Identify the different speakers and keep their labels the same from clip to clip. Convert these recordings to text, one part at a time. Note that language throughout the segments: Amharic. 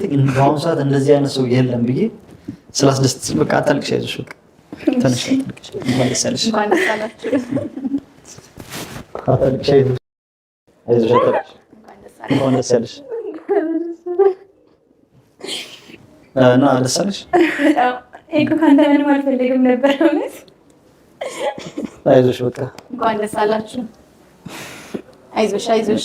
Speaker 1: ስላስደሰተኝ በአሁኑ ሰዓት እንደዚህ አይነት ሰው የለም ብዬ ስላስደስት በቃ አታልቅሽ፣ አይዞሽ በቃ ትንሽ አታልቅሽ፣ እንኳን ደስ አለሽ።
Speaker 2: ከአንተ ምንም አልፈልግም ነበር። እውነት አይዞሽ፣ በቃ እንኳን ደስ አላችሁ። አይዞሽ አይዞሽ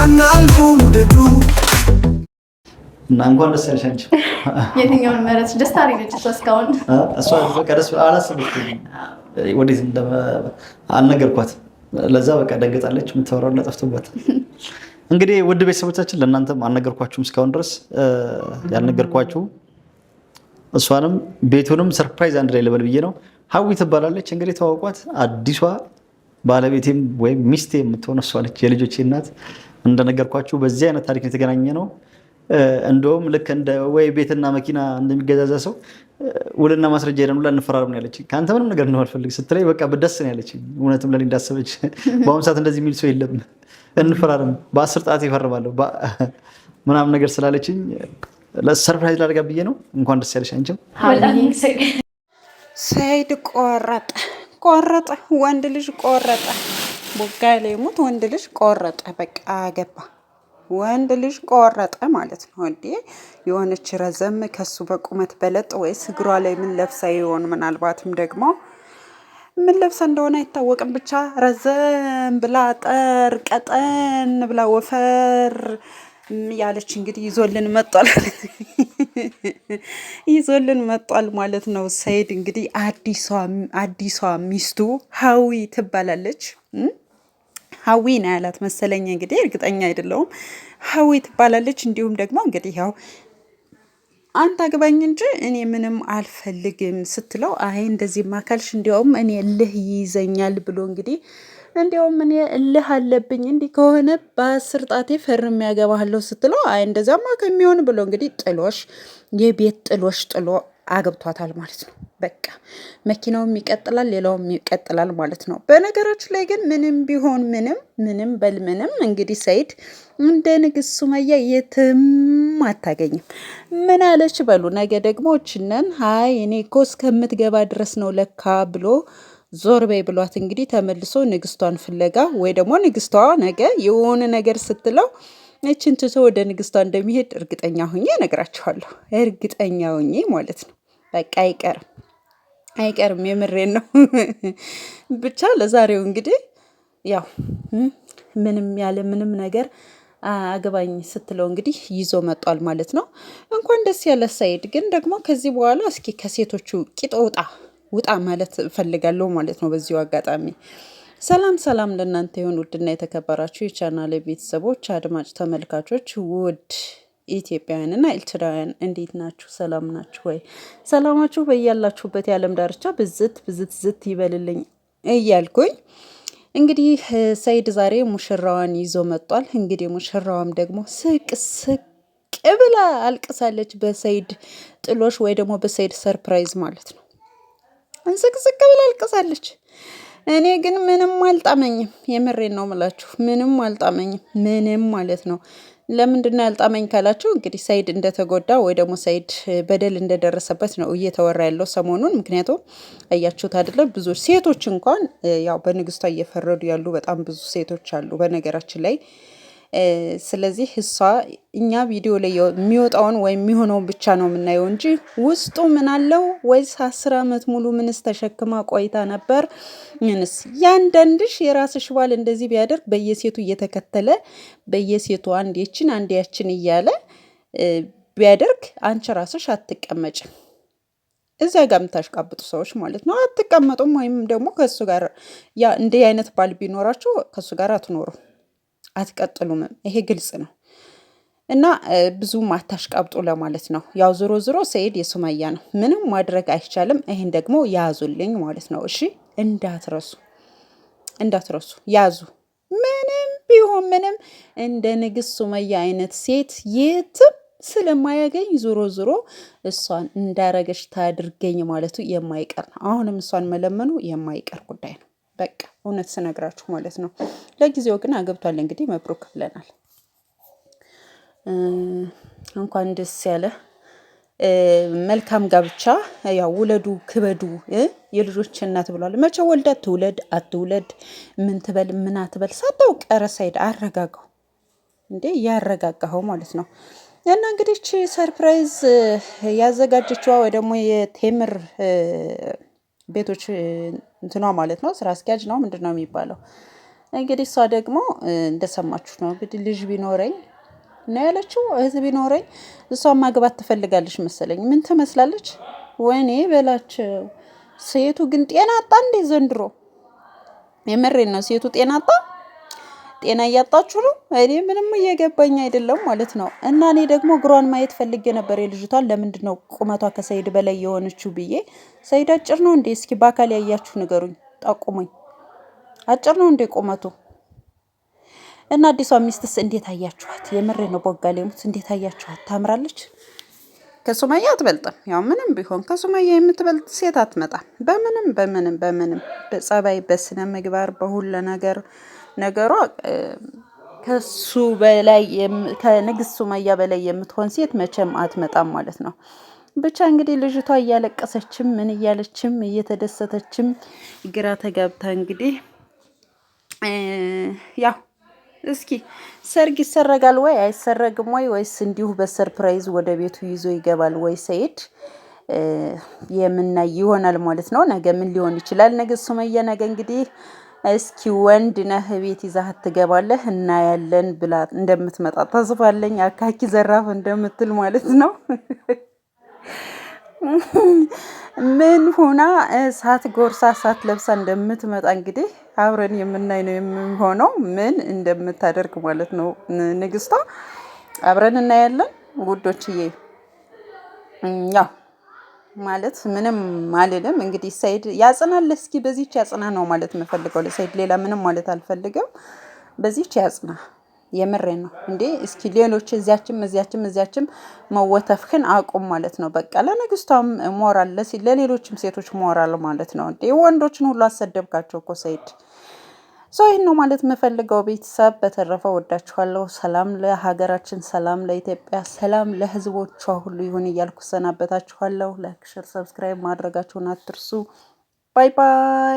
Speaker 1: አናልፉ ውደዱ እና እንኳን ደስ ያለሽ አንቺ።
Speaker 2: የትኛውን መረጥሽ? ደስታ ነች እስካሁን
Speaker 1: እሷ በቃ ደስ አላሰበችም። ወዴት አልነገርኳት። ለዛ በቃ ደንገጣለች። የምታወራው ጠፍቶባት እንግዲህ ውድ ቤተሰቦቻችን ለእናንተም አልነገርኳችሁም እስካሁን ድረስ ያልነገርኳችሁ እሷንም ቤቱንም ሰርፕራይዝ አንድ ላይ ልበል ብዬ ነው። ሀዊ ትባላለች እንግዲህ ተዋውቋት። አዲሷ ባለቤቴም ወይም ሚስቴ የምትሆን እሷ ነች፣ የልጆቼ እናት እንደነገርኳችሁ በዚህ አይነት ታሪክ የተገናኘ ነው። እንደውም ልክ እንደ ወይ ቤትና መኪና እንደሚገዛዛ ሰው ውልና ማስረጃ ሄደን ሁላ እንፈራርም ነው ያለችኝ። ከአንተ ምንም ነገር እንደማልፈልግ አልፈልግ ስትለኝ በቃ ብደስ ነው ያለችኝ። እውነትም ለእኔ እንዳሰበች በአሁኑ ሰዓት እንደዚህ የሚል ሰው የለም። እንፈራርም፣ በአስር ጣት ይፈርማለሁ ምናምን ነገር ስላለችኝ ሰርፕራይዝ ላደርጋ ብዬ ነው። እንኳን ደስ ያለሽ አንቺም።
Speaker 2: ሰይድ ቆረጠ ቆረጠ፣ ወንድ ልጅ ቆረጠ። ቦጋለ ይሙት ወንድ ልጅ ቆረጠ፣ በቃ አገባ። ወንድ ልጅ ቆረጠ ማለት ነው እንዴ! የሆነች ረዘም ከሱ በቁመት በለጥ ወይስ እግሯ ላይ ምን ለብሳ ይሆን? ምናልባትም ደግሞ ምን ለብሳ እንደሆነ አይታወቅም። ብቻ ረዘም ብላ ጠርቀጠን ብላ ወፈር ያለች እንግዲህ ይዞልን መጧል ይዞልን መጧል ማለት ነው። ሰይድ እንግዲህ አዲሷ ሚስቱ ሀዊ ትባላለች። ሀዊ ነው ያላት መሰለኝ እንግዲህ እርግጠኛ አይደለውም። ሀዊ ትባላለች። እንዲሁም ደግሞ እንግዲህ ያው አንተ አግባኝ እንጂ እኔ ምንም አልፈልግም ስትለው አይ እንደዚህ ማካልሽ እንዲያውም እኔ ልህ ይይዘኛል ብሎ እንግዲህ እንዲያውም እኔ እልህ አለብኝ እንዲህ ከሆነ በአስር ጣቴ ፈርም ያገባሃለሁ ስትለው አይ እንደዚያማ ከሚሆን ብሎ እንግዲህ ጥሎሽ የቤት ጥሎሽ ጥሎ አግብቷታል ማለት ነው። በቃ መኪናውም ይቀጥላል፣ ሌላውም ይቀጥላል ማለት ነው። በነገራችን ላይ ግን ምንም ቢሆን ምንም ምንም በል ምንም እንግዲህ ሰይድ እንደ ንግስት ሱመያ የትም አታገኝም። ምን አለች በሉ ነገ ደግሞ እችነን ሀይ እኔ እኮ እስከምትገባ ድረስ ነው ለካ ብሎ ዞር በይ ብሏት እንግዲህ ተመልሶ ንግስቷን ፍለጋ ወይ ደግሞ ንግስቷ ነገ የሆነ ነገር ስትለው እችን ትቶ ወደ ንግስቷ እንደሚሄድ እርግጠኛ ሁኜ እነግራችኋለሁ። እርግጠኛ ሁኜ ማለት ነው። በቃ አይቀርም፣ አይቀርም። የምሬን ነው። ብቻ ለዛሬው እንግዲህ ያው ምንም ያለ ምንም ነገር አገባኝ ስትለው እንግዲህ ይዞ መጧል ማለት ነው። እንኳን ደስ ያለ ሳይድ ግን ደግሞ ከዚህ በኋላ እስኪ ከሴቶቹ ቂጦጣ ውጣ ማለት እፈልጋለሁ ማለት ነው በዚሁ አጋጣሚ። ሰላም ሰላም ለእናንተ ይሁን ውድና የተከበራችሁ የቻናል ቤተሰቦች፣ አድማጭ ተመልካቾች፣ ውድ ኢትዮጵያውያንና ኤርትራውያን እንዴት ናችሁ? ሰላም ናችሁ ወይ? ሰላማችሁ በያላችሁበት የዓለም ዳርቻ ብዝት ብዝት ዝት ይበልልኝ እያልኩኝ እንግዲህ ሰይድ ዛሬ ሙሽራዋን ይዞ መጧል። እንግዲህ ሙሽራዋም ደግሞ ስቅ ስቅ ብላ አልቅሳለች፣ በሰይድ ጥሎሽ ወይ ደግሞ በሰይድ ሰርፕራይዝ ማለት ነው። እንስቅስቅ ብላ አልቅሳለች። እኔ ግን ምንም አልጣመኝም። የምሬን ነው ምላችሁ፣ ምንም አልጣመኝም። ምንም ማለት ነው። ለምንድን ነው ያልጣመኝ ካላችሁ እንግዲህ ሰይድ እንደተጎዳ ወይ ደግሞ ሰይድ በደል እንደደረሰበት ነው እየተወራ ያለው ሰሞኑን። ምክንያቱም እያችሁት አይደለም ብዙ ሴቶች እንኳን ያው በንግስቷ እየፈረዱ ያሉ በጣም ብዙ ሴቶች አሉ በነገራችን ላይ ስለዚህ እሷ እኛ ቪዲዮ ላይ የሚወጣውን ወይም የሚሆነውን ብቻ ነው የምናየው እንጂ ውስጡ ምን አለው ወይስ አስር ዓመት ሙሉ ምንስ ተሸክማ ቆይታ ነበር? ምንስ ያንዳንድሽ የራስሽ ባል እንደዚህ ቢያደርግ በየሴቱ እየተከተለ በየሴቱ አንድ ያችን አንድ ያችን እያለ ቢያደርግ አንቺ ራስሽ አትቀመጭም። እዚያ ጋር የምታሽቃብጡ ሰዎች ማለት ነው አትቀመጡም። ወይም ደግሞ ከሱ ጋር ያ እንዲህ አይነት ባል ቢኖራችሁ ከሱ ጋር አትኖሩም። አትቀጥሉም ይሄ ግልጽ ነው እና ብዙም አታሽቃብጡ ለማለት ነው። ያው ዞሮ ዞሮ ሰኢድ የሱመያ ነው፣ ምንም ማድረግ አይቻልም። ይሄን ደግሞ ያዙልኝ ማለት ነው። እሺ እንዳትረሱ፣ እንዳትረሱ ያዙ። ምንም ቢሆን ምንም እንደ ንግስት ሱመያ አይነት ሴት የትም ስለማያገኝ ዞሮ ዞሮ እሷን እንዳረገች ታድርገኝ ማለቱ የማይቀር ነው። አሁንም እሷን መለመኑ የማይቀር ጉዳይ ነው። በቃ እውነት ስነግራችሁ ማለት ነው። ለጊዜው ግን አገብቷል። እንግዲህ መብሩክ ብለናል። እንኳን ደስ ያለ መልካም ጋብቻ። ያው ውለዱ፣ ክበዱ፣ የልጆች እናት ብሏል። መቼ ወልዳ ትውለድ አትውለድ፣ ምን ትበል ምን አትበል ሳታው ቀረ ሳይድ አረጋጋው እንዴ ያረጋጋኸው ማለት ነው። እና እንግዲህ ሰርፕራይዝ ያዘጋጀችዋ ወይ ደግሞ የቴምር ቤቶች እንትኗ ማለት ነው ስራ አስኪያጅ ነው ምንድን ነው የሚባለው። እንግዲህ እሷ ደግሞ እንደሰማችሁ ነው እንግዲህ ልጅ ቢኖረኝ ነው ያለችው። እህት ቢኖረኝ እሷ ማግባት ትፈልጋለች መሰለኝ። ምን ትመስላለች? ወይኔ በላቸው። ሴቱ ግን ጤና አጣ እንዴ ዘንድሮ! የምሬን ነው ሴቱ ጤና አጣ። ጤና እያጣችሁ ነው። እኔ ምንም እየገባኝ አይደለም ማለት ነው። እና እኔ ደግሞ እግሯን ማየት ፈልጌ ነበር የልጅቷን ለምንድን ነው ቁመቷ ከሰይድ በላይ የሆነችው ብዬ። ሰይድ አጭር ነው እንዴ? እስኪ በአካል ያያችሁ ንገሩኝ፣ ጠቁሙኝ። አጭር ነው እንዴ ቁመቱ? እና አዲሷ ሚስትስ እንዴት አያችኋት? የምሬ ነው። ቦጋሌሙት እንዴት አያችኋት? ታምራለች። ከሱመያ አትበልጥም። ያው ምንም ቢሆን ከሱመያ የምትበልጥ ሴት አትመጣም። በምንም በምንም በምንም በጸባይ፣ በስነ ምግባር፣ በሁለ ነገር ነገሯ ከሱ በላይ ከንግስት ሱመያ በላይ የምትሆን ሴት መቼም አትመጣም ማለት ነው። ብቻ እንግዲህ ልጅቷ እያለቀሰችም ምን እያለችም እየተደሰተችም ግራ ተጋብታ እንግዲህ ያው እስኪ ሰርግ ይሰረጋል ወይ አይሰረግም ወይ ወይስ እንዲሁ በሰርፕራይዝ ወደ ቤቱ ይዞ ይገባል ወይ ሰይድ የምናይ ይሆናል ማለት ነው። ነገ ምን ሊሆን ይችላል? ነገ ሱመያ ነገ እንግዲህ እስኪ ወንድ ነህ ቤት ይዛህ ትገባለህ እናያለን ብላ እንደምትመጣ ተስፋለኝ። አካኪ ዘራፍ እንደምትል ማለት ነው። ምን ሁና እሳት ጎርሳ እሳት ለብሳ እንደምትመጣ እንግዲህ አብረን የምናይ ነው የሚሆነው። ምን እንደምታደርግ ማለት ነው ንግስቷ፣ አብረን እናያለን ውዶችዬ። ያው ማለት ምንም አልልም እንግዲህ ሰይድ ያጽናል። እስኪ በዚች ያጽና ነው ማለት የምፈልገው ለሰይድ፣ ሌላ ምንም ማለት አልፈልግም። በዚች ያጽና የምሬ ነው እንዴ! እስኪ ሌሎች እዚያችም እዚያችም እዚያችም መወተፍህን አቁም ማለት ነው። በቃ ለንግስቷም ሞራል፣ ለሌሎችም ሴቶች ሞራል ማለት ነው እንዴ! ወንዶችን ሁሉ አሰደብካቸው እኮ ሰይድ። ሶ ይህን ነው ማለት የምፈልገው ቤተሰብ። በተረፈ ወዳችኋለሁ። ሰላም ለሀገራችን፣ ሰላም ለኢትዮጵያ፣ ሰላም ለህዝቦቿ ሁሉ ይሁን እያልኩ ሰናበታችኋለሁ። ላይክ፣ ሸር፣ ሰብስክራይብ ማድረጋችሁን አትርሱ። ባይ ባይ።